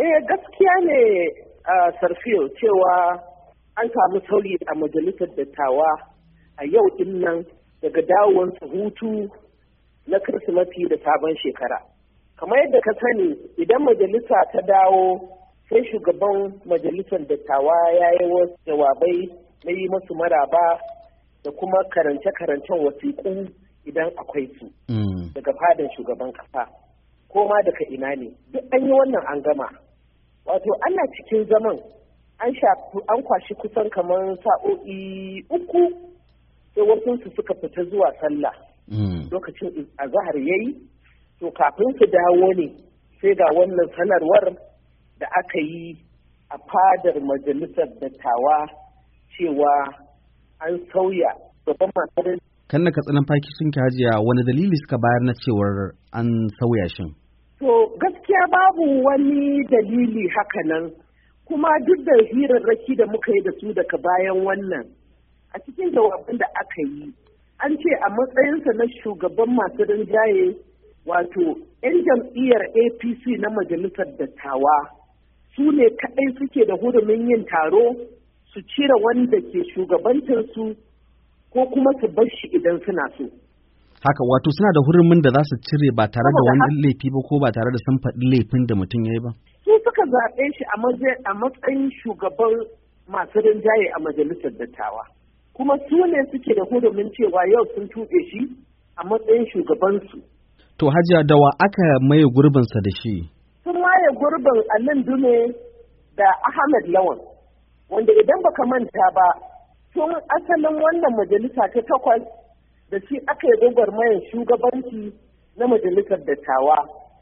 eh gaskiya ne a sarfiyo cewa an samu sauri a majalisar dattawa a yau din nan daga dawowansu hutu na kirsimati da sabon shekara kamar yadda ka sani idan majalisa ta dawo sai shugaban majalisar dattawa ya yi wasu jawabai na yi masu maraba da kuma karance-karancen wasiƙu idan akwai su mm. daga fadin shugaban ƙasa Koma daga ina ne duk an yi wannan an gama wato ana cikin zaman an an kwashi kusan kamar sa'o'i uku sai wasu su suka fita zuwa sallah hmm. lokacin azahar yi to kafin su dawo ne sai ga wannan sanarwar da aka yi a fadar majalisar dattawa cewa an sauya gaban masu kan na katsalan fakishin hajiya wani dalili suka bayar na cewar an sauya shin To gaskiya babu wani dalili hakanan kuma duk da hirarraki da muka yi da su daga bayan wannan a cikin jawabin da aka yi an ce a matsayinsa na shugaban masu rinjaye wato 'yan jam'iyyar apc na majalisar dattawa su ne kaɗai suke da hurumin yin taro su cire wanda ke shugabantarsu ko kuma su bar shi idan suna so. haka wato suna da hurumin da za su cire ba tare da wani laifi ba ko ba tare da sun faɗi laifin da mutum ya yi ba su suka zaɓe shi a matsayin shugaban masu rinjaye a majalisar dattawa kuma su ne suke da hurumin cewa yau sun tuɓe shi a matsayin shugabansu to hajiya dawa aka maye gurbinsa da shi sun maye gurbin alin dume da ahmed lawan wanda idan baka manta ba tun asalin wannan majalisa ta takwas da shi aka yi gwagwarmayar shugabanci na majalisar dattawa